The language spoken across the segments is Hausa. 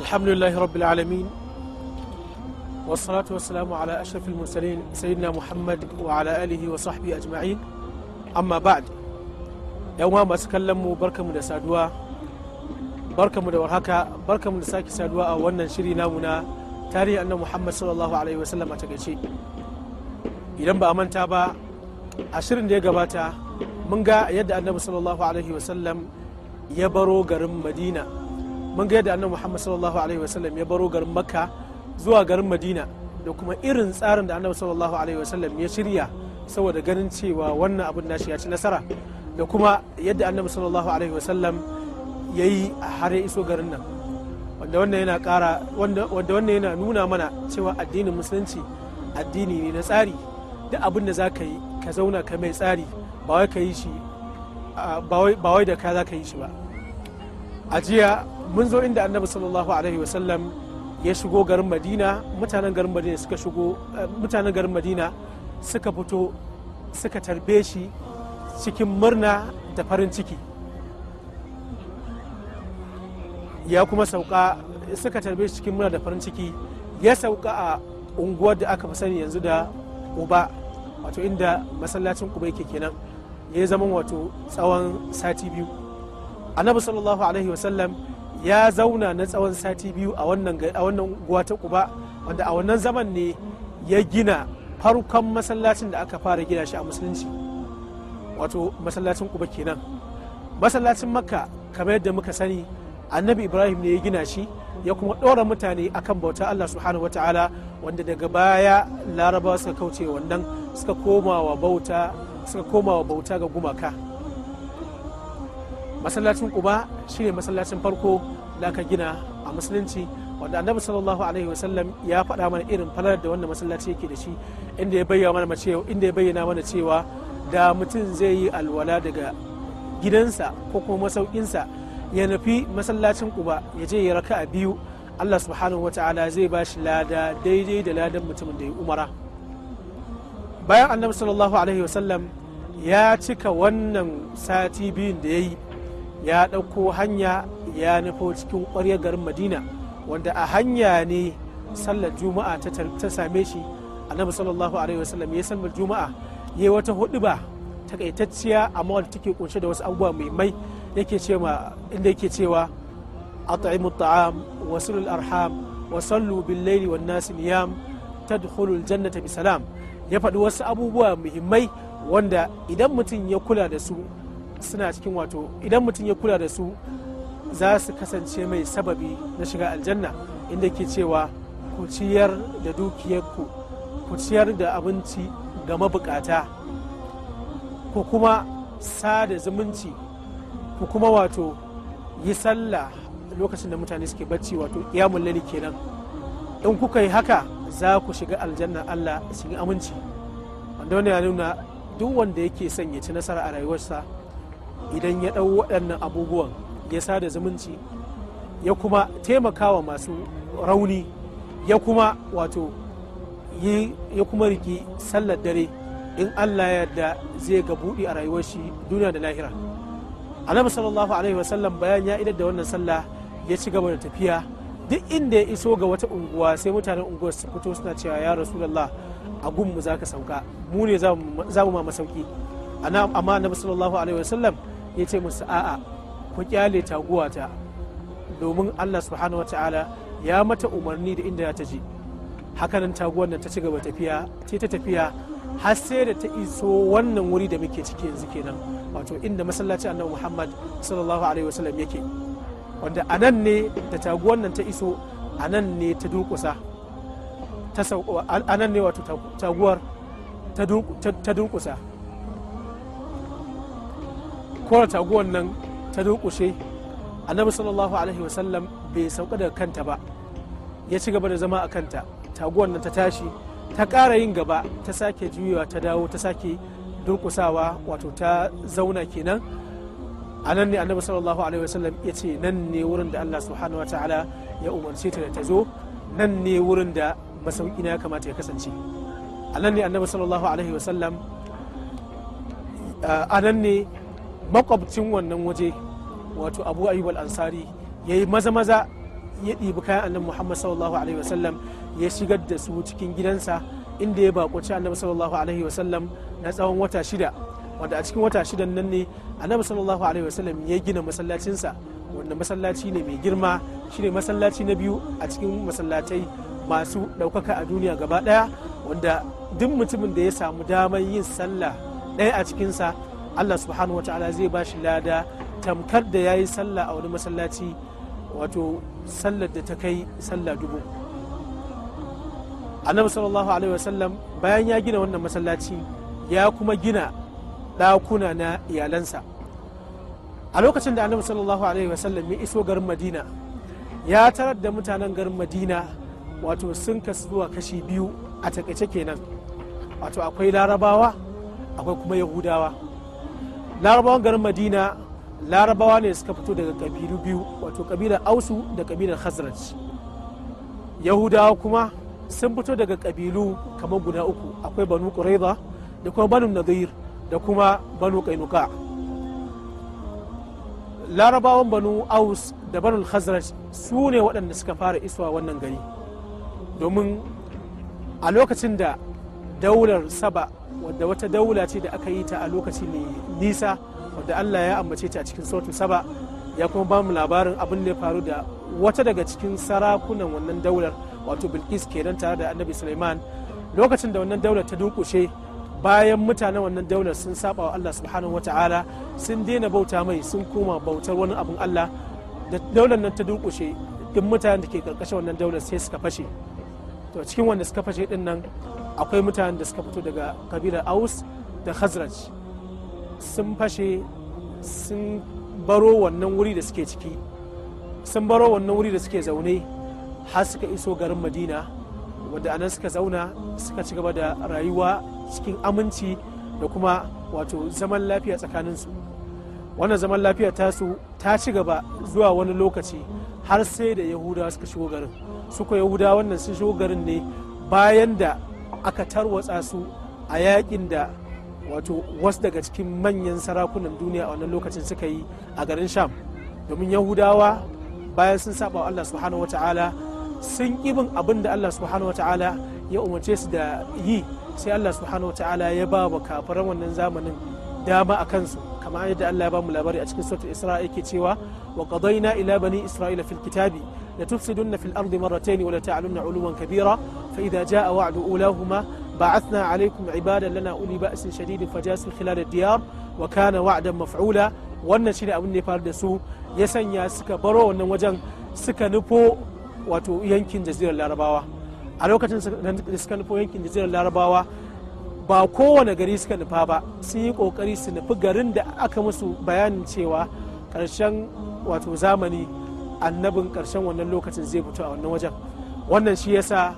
alhamdulillahi rabbil alamin wasalatu wasalamu ala ashrafil mursalin sayyidina muhammad wa ala alihi wa sahbihi ajma'in amma ba'd yan wa masu kallon mu barkamu saduwa a wannan shiri namu na tarihi annabi muhammad sallallahu alaihi wasallam a takaice idan ba a manta ba a shirin da ya gabata mun ga yadda annabi sallallahu ya baro garin madina mun ga yadda annabi muhammad sallallahu alaihi wasallam ya baro garin makka zuwa garin madina da kuma irin tsarin da annabi sallallahu alaihi wasallam ya shirya saboda ganin cewa wannan abin nashi ya ci nasara da kuma yadda annabi sallallahu alaihi wasallam ya yi har ya iso garin nan wanda wannan yana kara wanda wannan yana nuna mana cewa addinin musulunci addini ne na tsari duk abin da za ka yi ka zauna ka mai tsari ba wai ka yi shi ba wai da ka za ka yi shi ba a jiya mun zo inda annabi sallallahu alaihi wasallam ya shigo garin madina mutanen garin madina suka shigo eh, mutanen garin madina suka fito suka tarbe shi cikin murna da farin ciki ya kuma sauka suka tarbe shi cikin murna da farin ciki ya sauka a unguwar da aka fi sani yanzu da uba wato inda masallacin kuba yake kenan ya zama wato tsawon sati biyu annabi sallallahu alaihi wasallam ya zauna na tsawon sati biyu a wannan guwa ta kuba wanda a wannan zaman ne ya gina farkon masallacin da aka fara gina shi a musulunci wato masallacin kuba kenan masallacin makka kamar yadda muka sani annabi ibrahim ne ya gina shi ya kuma ɗora mutane akan bauta allah subhanahu wataala wanda daga baya larabawa suka kauce wannan suka koma wa bauta ga gumaka masallacin kuba shine masallacin farko da aka gina a musulunci wanda annabi sallallahu alaihi wasallam ya faɗa mana irin falar da wannan masallaci yake da shi inda ya bayyana mana cewa inda ya bayyana mana cewa da mutum zai yi alwala daga gidansa ko kuma masaukinsa ya nufi masallacin kuba ya je ya raka a biyu Allah subhanahu wata'ala zai ba shi lada daidai da ladan mutumin da ya umara bayan annabi sallallahu alaihi wasallam ya cika wannan sati biyun da ya yi ya ɗauko hanya ya nufo cikin ƙwaryar garin madina wanda a hanya ne sallar juma'a ta same shi annabi sallallahu alaihi wasallam ya sallar juma'a ya yi wata huɗuba takaitacciya amma wadda take kunshe da wasu abubuwa muhimmai yake cewa inda yake cewa at'imu at'am wa sulul arham wa sallu bil laili wan nas niyam tadkhulu jannata bi salam ya faɗi wasu abubuwa muhimmai wanda idan mutum ya kula da su suna cikin wato idan mutum ya kula da su za su kasance mai sababi na shiga aljanna inda ke cewa ku ciyar da dukiyarku ku ciyar da abinci ga mabukata ku kuma da zumunci ku kuma wato yi sallah lokacin da mutane suke bacci wato yamun lali kenan in kuka yi haka za ku shiga aljanna Allah cikin aminci wanda wani ya nuna duk wanda yake son ya ci nasara a rayuwarsa idan ya ɗau waɗannan abubuwan ya da zumunci ya kuma taimakawa masu rauni ya kuma wato ya kuma riki sallar dare in allah ya yarda zai ga buɗi a rayuwar shi duniya da lahira annabi sallallahu alaihi wasallam bayan ya idar da wannan sallah ya ci gaba da tafiya duk inda ya iso ga wata unguwa sai mutanen unguwar su fito suna cewa ya rasulullah a gunmu za ka sauka mu ne za mu ma masauki amma annabi sallallahu alaihi wasallam ya ce musu a'a ku kyale taguwata domin Allah subhanahu ta'ala ya mata umarni da inda ta je hakanan taguwar nan ta ci gaba tafiya ce ta tafiya har sai da ta iso wannan wuri da muke ciki yanzu kenan wato inda masallaci annabi Muhammad sallallahu alaihi wasallam yake wanda a nan ne da taguwar nan ta iso a nan ne ta ta a anan ne wato taguwar ta durkusa kora taguwar nan ta durƙushe annabi sallallahu alaihi wasallam bai sauka daga kanta ba ya ci gaba da zama a kanta taguwar nan ta tashi ta ƙara yin gaba ta sake juyawa ta dawo ta sake durkusawa wato ta zauna kenan a nan ne annabi sallallahu alaihi wasallam ya ce nan ne wurin da allah subhanahu wa ta'ala ya umarce ta da ta zo nan ne wurin da masauki na ya kamata ya kasance a nan ne annabi sallallahu alaihi wasallam a nan ne makwabcin wannan waje wato abu ayyub ansari ya yi maza maza ya ɗibi kayan annabi muhammad sallallahu alaihi wasallam ya shigar da su cikin gidansa inda ya bakunci annabi sallallahu alaihi wasallam na tsawon wata shida wanda a cikin wata shidan nan ne annabi sallallahu alaihi wasallam ya gina masallacinsa wanda masallaci ne mai girma shine masallaci na biyu a cikin masallatai masu ɗaukaka a duniya gaba ɗaya wanda duk mutumin da ya samu damar yin sallah ɗaya a cikinsa Allah subhanahu wa ta'ala zai bashi lada tamkar da yayi sallah a wani masallaci wato sallar da ta kai sallah dubu annabi sallallahu alaihi wasallam bayan ya gina wannan masallaci ya kuma gina ɗakuna na iyalansa a lokacin da annabi sallallahu alaihi wasallam ya iso garin madina ya tarar da mutanen garin madina wato sun kasu zuwa kashi biyu a takaice kenan wato akwai larabawa akwai kuma yahudawa larabawan garin madina larabawa ne suka fito daga kabilu biyu wato kabilar ausu da kabilar khazraj yahudawa kuma sun fito daga kabilu kamar guda uku akwai banu quraiza da kuma banu nadir da kuma banu kainuka larabawan banu aus da banu hazrat su ne waɗanda suka fara isuwa wannan gari domin a lokacin da daular saba wadda wata daula ce da aka yi ta a lokaci mai nisa wadda allah ya ambace ta a cikin sautin saba ya kuma ba mu labarin abin da ya faru da wata daga cikin sarakunan wannan daular wato bilkis kenan tare da annabi suleiman lokacin da wannan daular ta dukushe bayan mutanen wannan daular sun saba wa allah subhanahu wataala sun daina bauta mai sun koma bautar wani abin allah da daular nan ta dukushe duk mutanen da ke karkashin wannan daular sai suka fashe to cikin wanda suka fashe din nan akwai mutanen da suka fito daga kabilar aus da khazraj sun fashe sun baro wannan wuri da suke ciki sun baro wannan wuri da suke zaune har suka iso garin madina wadda anan suka zauna suka ci gaba da rayuwa cikin aminci da kuma wato zaman lafiya tsakaninsu wannan zaman lafiya tasu ta ci gaba zuwa wani lokaci har sai da yahudawa suka shigo garin suka yahudawa wannan sun shigo garin ne bayan da aka tarwatsa su a yakin da wato wasu daga cikin manyan sarakunan duniya a wannan lokacin suka yi a garin sham domin yahudawa bayan sun saba allah subhanahu wata'ala sun ibin abin da allah subhanahu wata'ala ya umarce su da yi sai allah subhanahu wata'ala ya ba wa kafiran wannan zamanin dama a kansu kamar yadda allah ya ba mu labari a cikin suratul isra yake cewa wa qadayna ila bani isra'ila fil kitabi la tufsidunna fil ardi marratayn wa la ta'lamuna 'uluwan kabira فإذا جاء وعد أولاهما بعثنا عليكم عبادا لنا أولي بأس شديد فجاسوا خلال الديار وكان وعدا مفعولا wannan shine abin da ya faru da su ya sanya suka baro wannan wajen suka nufo wato yankin jazirar larabawa a lokacin da suka nufo yankin jazirar larabawa ba kowane gari suka nufa ba sun yi kokari su nufi garin da aka musu bayanin cewa karshen wato zamani annabin karshen wannan lokacin zai fito a wannan wajen wannan shi yasa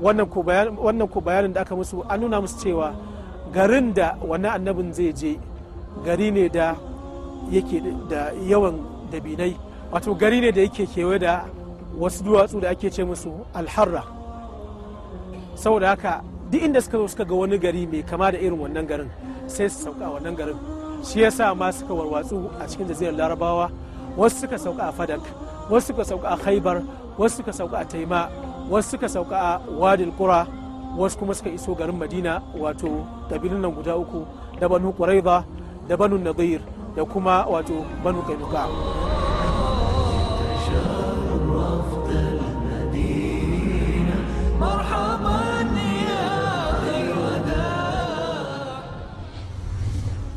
wannan ko bayanin da aka musu an nuna musu cewa garin da wannan annabin zai je gari ne da yake da yawan dabinai wato gari ne da yake kewa da wasu duwatsu da ake ce musu alharra saboda haka duk inda suka zo suka ga wani gari mai kama da irin wannan garin sai su sauka wannan garin shi yasa ma suka warwatsu a cikin jazirar larabawa wasu suka sauka a fadak wasu suka sauka a khaibar wasu suka sauka a taima wasu suka sauka a wadin kura wasu kuma suka iso garin madina wato kabilun nan guda uku da banu quraiza da banu nadir da kuma wato banu kainuka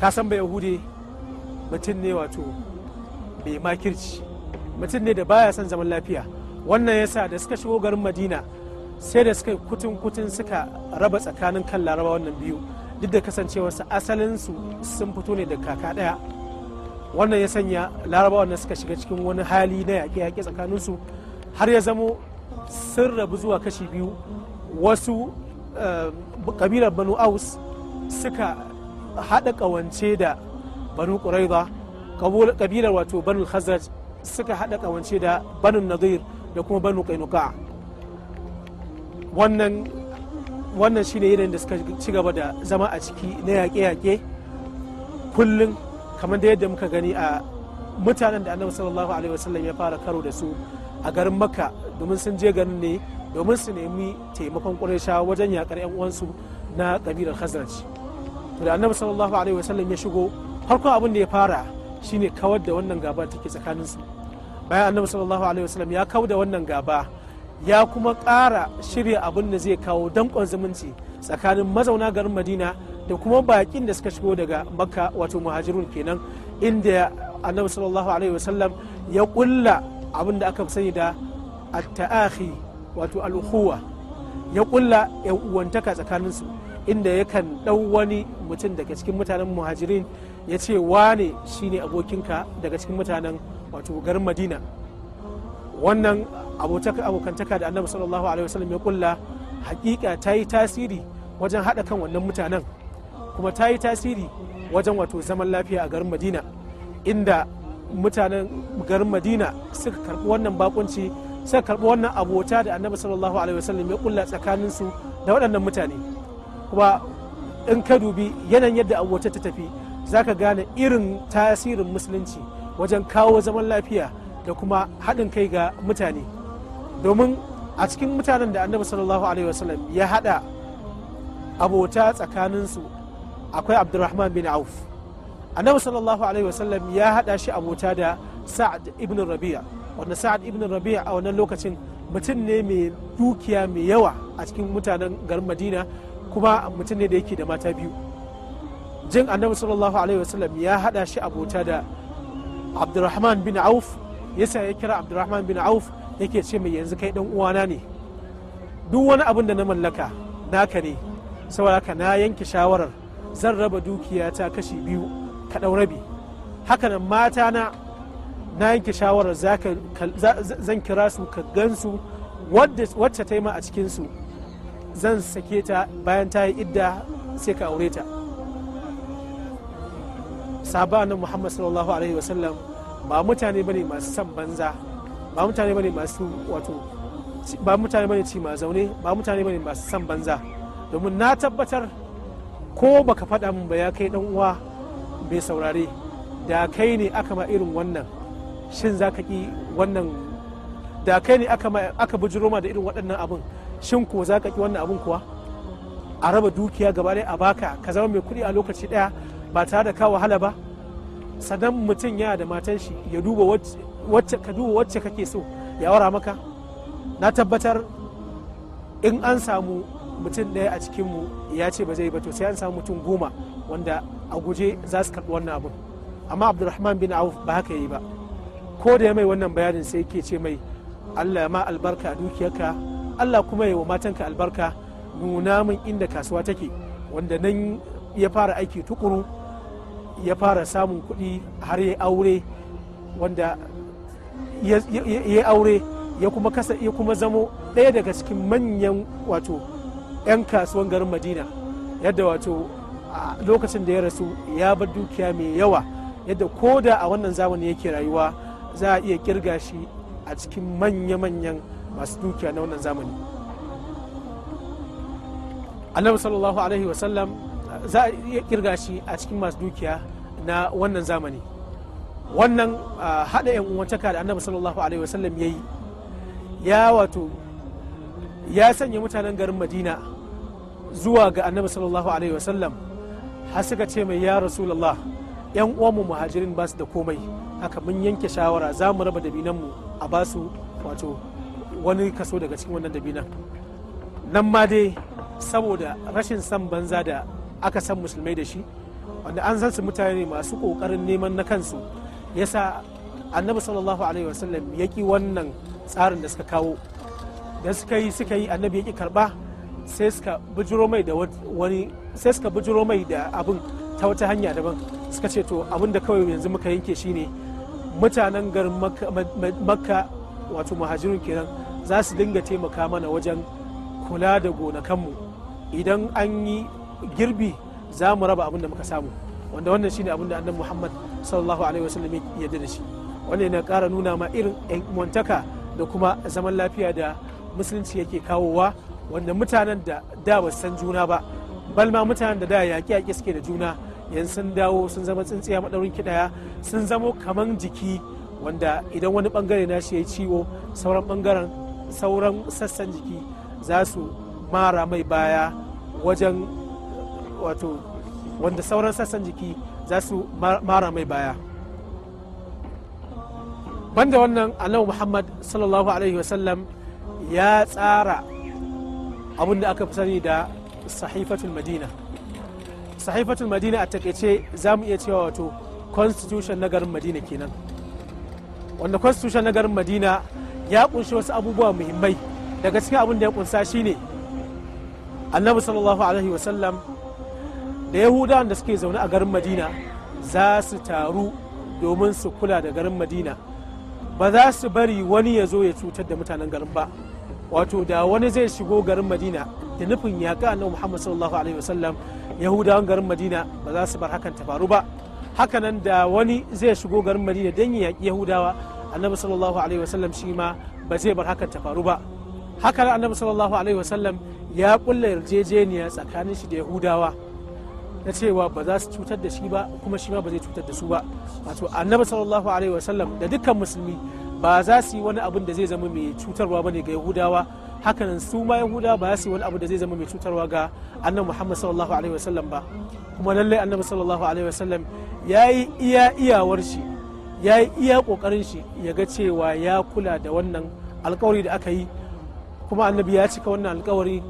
ka san bai yahude mutum ne wato bai makirci mutum ne da baya son zaman lafiya wannan yasa da suka shigo garin madina sai da suka kutun kutun suka raba tsakanin kan laraba wannan biyu duk da asalin asalinsu sun fito ne da kaka ɗaya wannan ya sanya laraba wannan suka shiga cikin wani hali na yaƙe-yaƙe tsakaninsu har ya zamo sun rabu zuwa kashi biyu wasu kabilar eh, banu aus suka haɗa ƙawance da banu ƙuraiba kabilar wato banu hazard suka haɗa ƙawance da banu nadir da kuma banu kainuka wannan wannan shine yanayin da suka ci gaba da zama a ciki na yaƙe-yaƙe kullum kamar da yadda muka gani a mutanen da annabi sallallahu alaihi wasallam ya fara karo da su a garin makka domin sun je garin ne domin su nemi taimakon ƙuraisha wajen yaƙar 'yan uwansu na ƙabilar khazraj da annabi sallallahu alaihi wasallam ya shigo farko abin da ya fara shine kawar da wannan gaba take tsakaninsu bayan annabi sallallahu alaihi wasallam ya kau da wannan gaba ya kuma ƙara shirya abin da zai kawo danƙon zumunci tsakanin mazauna garin madina da kuma baƙin da suka shigo daga makka wato muhajirun kenan inda annabi sallallahu alaihi wasallam ya ƙulla abin da aka sani da atta'ahi wato al'uhuwa ya ƙulla yan uwantaka tsakanin su inda yakan ɗau wani mutum daga cikin mutanen muhajirin ya ce wane shine abokinka daga cikin mutanen wato garin madina wannan abokantaka da annabi sallallahu alaihi wasallam ya kulla hakika ta yi tasiri wajen haɗa kan wannan mutanen kuma ta yi tasiri wajen wato zaman lafiya a garin madina inda mutanen garin madina suka karɓi wannan bakunci suka karbi wannan abota da annabi sallallahu alaihi wasallam ya kulla tsakaninsu da waɗannan mutane kuma in ka dubi yanayin yadda abota ta tafi zaka gane irin tasirin musulunci wajen kawo zaman lafiya da kuma haɗin kai ga mutane domin a cikin mutanen da annabi sallallahu alaihi wasallam ya haɗa abota tsakaninsu akwai abdurrahman bin auf annabi sallallahu alaihi wasallam ya haɗa shi abota da sa'ad ibn rabi'a wanda sa'ad ibn rabi'a a wannan lokacin mutum ne mai dukiya mai yawa a cikin mutanen garin madina kuma mutum ne da yake da mata biyu jin annabi sallallahu alaihi wasallam ya haɗa shi abota da abdurrahman bin auf yasa ya kira abdurrahman bin auf yake ce mai yanzu kai dan uwana ne duk wani abin da na mallaka naka ne saboda ka na yanke shawarar zan raba dukiyata kashi biyu ka ɗau rabi hakanan mata na na yanke shawarar zan kira su ka gansu wacce ta yi ma a cikinsu zan sake ta bayan ta yi idda sai ka aure ta sabanin muhammad sallallahu alaihi wasallam ba mutane bane masu san banza ba mutane bane masu wato ba mutane bane ci ma zaune ba mutane bane masu san banza domin na tabbatar ko baka faɗa min ba ya kai dan uwa bai saurare da kai ne aka ma irin wannan shin za ka ki wannan da kai ne aka bujiro ma da irin waɗannan abin shin ko za ka ki wannan abin kuwa a raba dukiya gaba ɗaya a baka ka zama mai kuɗi a lokaci ɗaya ba tare da kawo wahala ba sadan mutum yana da matan shi ya duba wacce ka duba wacce kake so ya wara maka na tabbatar in an samu mutum ɗaya a cikinmu ya ce ba zai ba to sai an samu mutum goma wanda a guje za su karɓi wannan abin amma abdulrahman bin auf ba haka yi ba ko da ya mai wannan bayanin sai ke ce mai allah ma albarka dukiyarka allah kuma yi wa matanka albarka nuna min inda kasuwa take wanda nan ya fara aiki tukuru ya fara samun kuɗi har ya aure wanda ya aure ya kuma kasa ya kuma zamo ɗaya daga cikin manyan wato 'yan kasuwan garin madina yadda wato lokacin da ya rasu ya bar dukiya mai yawa yadda ko da a wannan zamani yake rayuwa za a iya kirga shi a cikin manya-manyan masu dukiya na wannan zamani annabi sallallahu alaihi wasallam za a iya kirga shi a cikin masu dukiya na wannan zamani wannan ah, haɗa yan uwantaka da annabi sallallahu alaihi wasallam ya yi ya wato ya sanya mutanen garin madina zuwa ga annabi sallallahu alaihi wasallam har suka ce mai ya rasulallah yan uwanmu muhajirin ba su da komai haka mun yanke shawara za mu raba mu a ba su wato wani kaso daga cikin wannan dabinan nan ma dai saboda rashin son banza da aka san musulmai da shi wanda an san su mutane masu kokarin neman na kansu yasa annabi sallallahu alaihi wasallam ya ki wannan tsarin da suka kawo da suka yi suka yi annabi ya ki karba sai suka bujiro mai da wani sai suka mai da abin ta wata hanya daban suka ce to abin da kawai yanzu muka yanke shine mutanen garin makka wato muhajirun kenan za su dinga taimaka mana wajen kula da gonakanmu idan an yi girbi za mu raba abin da muka samu wanda wannan shine abin da annan Muhammad sallallahu alaihi wasallam ya da shi wanda yana kara nuna ma irin montaka da kuma zaman lafiya da musulunci yake kawowa wanda mutanen da da ba san juna ba balma mutanen da da yaƙi yaƙi suke da juna yanzu sun dawo sun zama tsintsiya maɗaurin kidaya sun zamo kaman jiki wanda idan wani bangare na shi ya ciwo sauran bangaren sauran sassan jiki za su mara mai baya wajen wato wanda sauran sassan jiki za su mara mai baya banda wannan annabi muhammad sallallahu alaihi wasallam ya tsara abin da aka fi sani da sahifatul madina sahifatul madina a takaice za mu iya cewa wato constitution na garin madina kenan wanda constitution na garin madina ya kunshi wasu abubuwa muhimmai daga cikin abin da ya kunsa shine annabi sallallahu alaihi wasallam da yahudawan da suke zaune a garin madina za su taru domin su kula da garin madina ba za su bari wani ya zo ya cutar da mutanen garin ba wato da wani zai shigo garin madina da nufin yaƙi annabi muhammad sallallahu alaihi wasallam yahudawan garin madina ba za su bar hakan ta faru ba hakanan da wani zai shigo garin madina don ya yaƙi yahudawa annabi sallallahu alaihi wasallam shi ma ba zai bar hakan ta faru ba hakanan annabi sallallahu alaihi wasallam ya kulla yarjejeniya tsakanin shi da yahudawa na cewa ba za su cutar da shi ba kuma shi ma ba zai cutar da su ba wato annabi sallallahu alaihi wasallam da dukkan musulmi ba za su yi wani abin da zai zama mai cutarwa bane ga yahudawa hakanan su ma yahuda ba za su yi wani abu da zai zama mai cutarwa ga annabi muhammad sallallahu alaihi wasallam ba kuma lallai annabi sallallahu alaihi wasallam ya yi iya iyawar shi ya yi iya kokarin shi ya ga cewa ya kula da wannan alkawari da aka yi kuma annabi ya cika wannan alkawari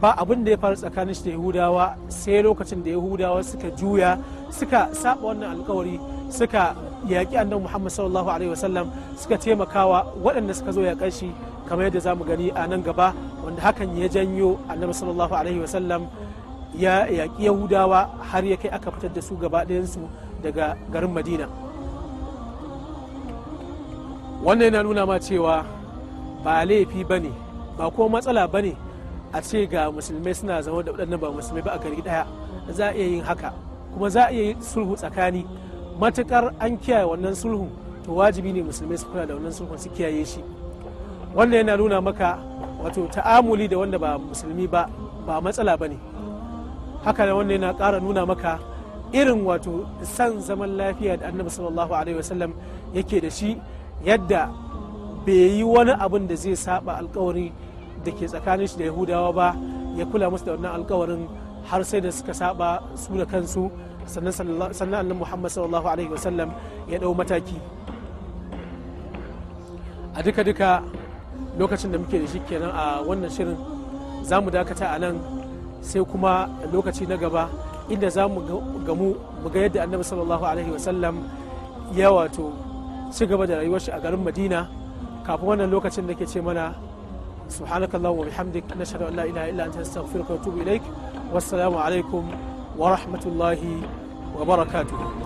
ba abin da ya faru tsakanin shi da yahudawa sai lokacin da yahudawa suka juya suka saba wannan alkawari suka yaƙi annabi muhammad sallallahu alaihi wasallam suka taimakawa waɗanda suka zo ya shi kamar yadda zamu gani a nan gaba wanda hakan ya janyo annabi sallallahu alaihi wasallam ya yaƙi yahudawa har ya kai aka fitar da su gaba su daga garin madina wannan yana nuna ma cewa ba laifi ba ne ba kuma matsala bane. a ce ga musulmai suna zama da waɗannan ba musulmai ba a gari ɗaya za a iya yin haka kuma za a iya yin sulhu tsakani matukar an kiyaye wannan sulhu to wajibi ne musulmai su kula da wannan sulhun su kiyaye shi wannan yana nuna maka wato ta'amuli da wanda ba musulmi ba ba matsala ba ne haka da wannan yana kara nuna maka irin wato san zaman lafiya da annabi sallallahu alaihi wasallam yake da shi yadda bai yi wani abin da zai saba alkawari da ke tsakanin shi da yahudawa ba ya kula musu da wannan alkawarin har sai da suka saba su da kansu sannan annan muhammad sallallahu alaihi wasallam ya dau mataki a duka-duka lokacin da muke da shi kenan a wannan shirin za mu dakata a nan sai kuma lokaci na gaba inda za mu gamu mu ga yadda annabi sallallahu alaihi wasallam ya wato ci gaba da rayuwar shi a garin madina kafin wannan lokacin da ke ce mana سبحانك اللهم وبحمدك نشهد أن لا إله إلا أنت نستغفرك ونتوب إليك والسلام عليكم ورحمة الله وبركاته